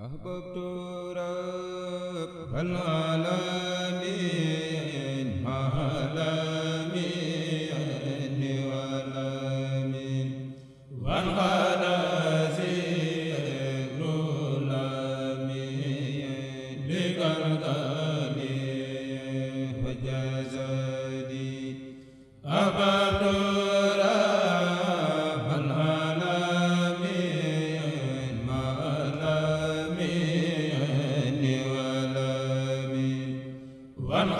أحببت رب العالمين wan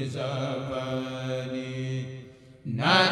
bi safani na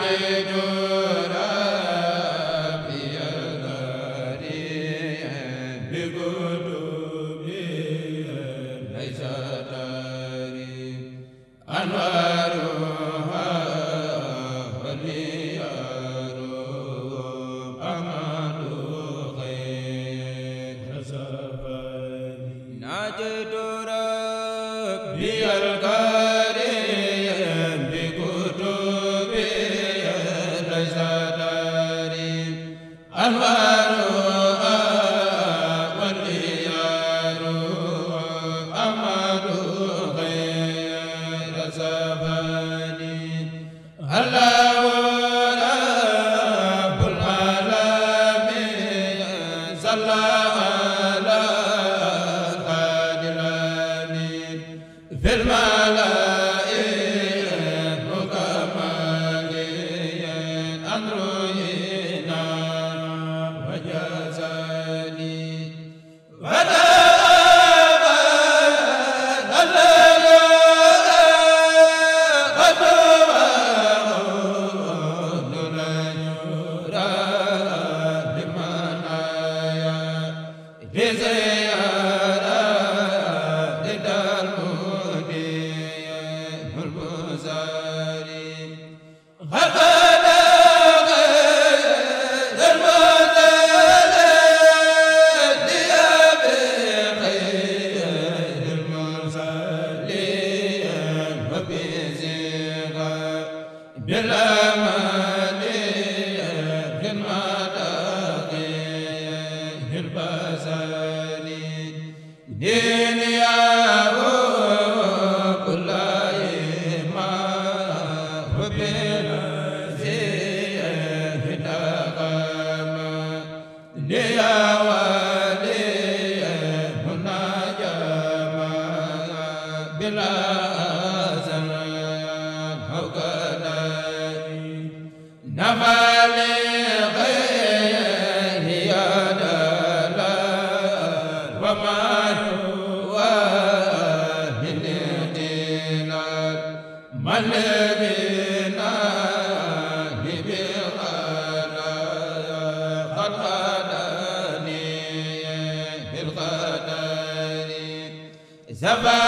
sabaa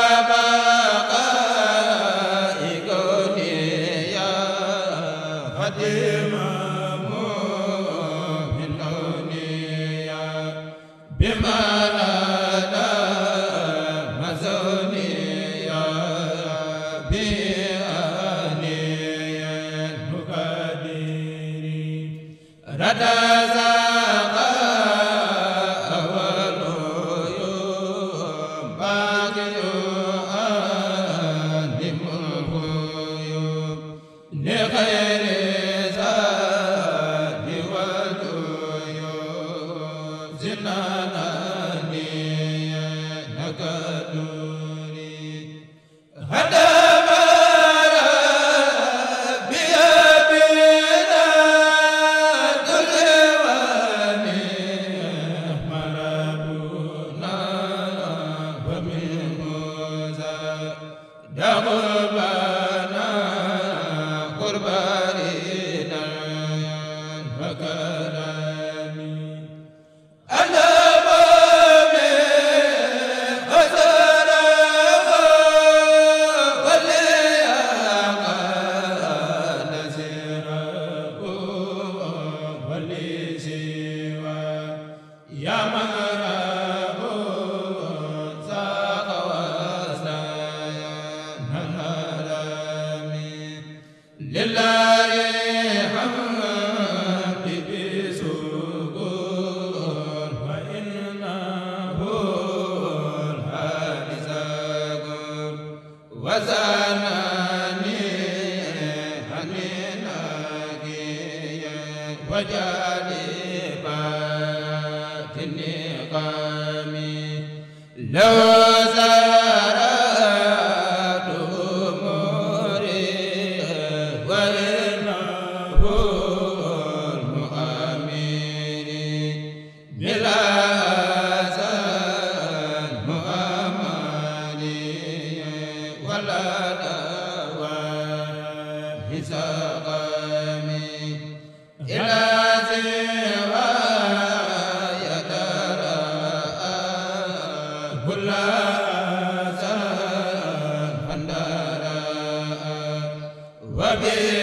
bi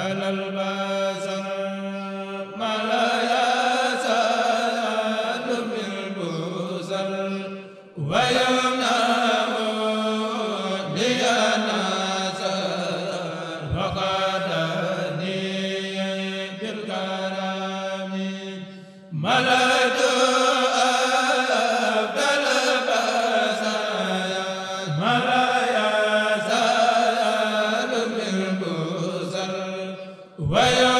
alal ba wayo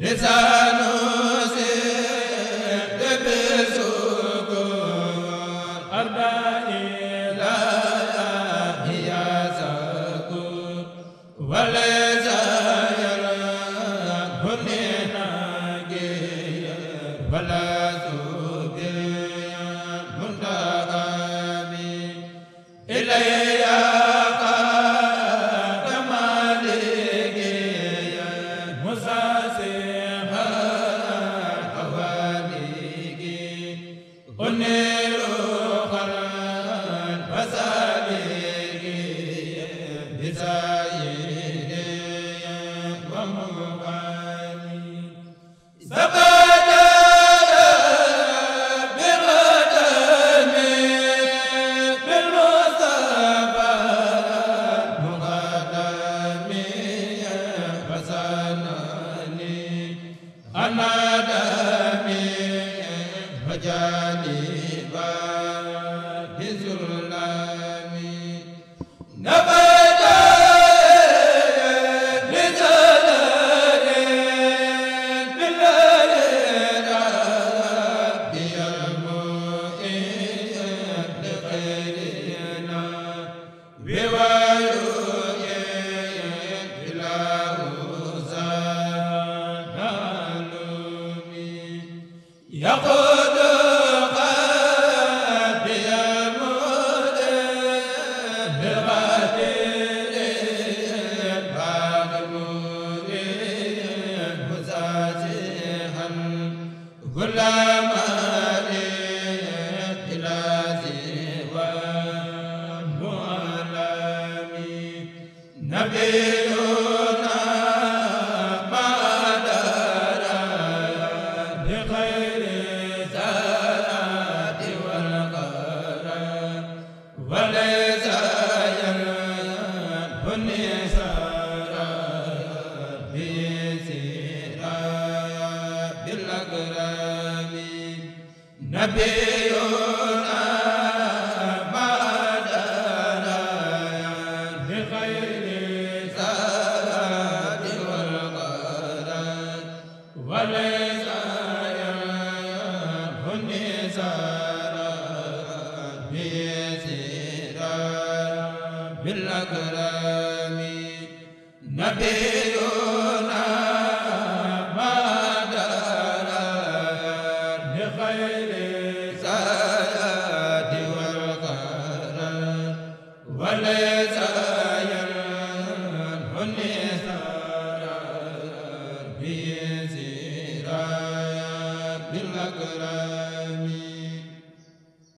lisaanu ana dami fajani ba yàqu الأكرام نبي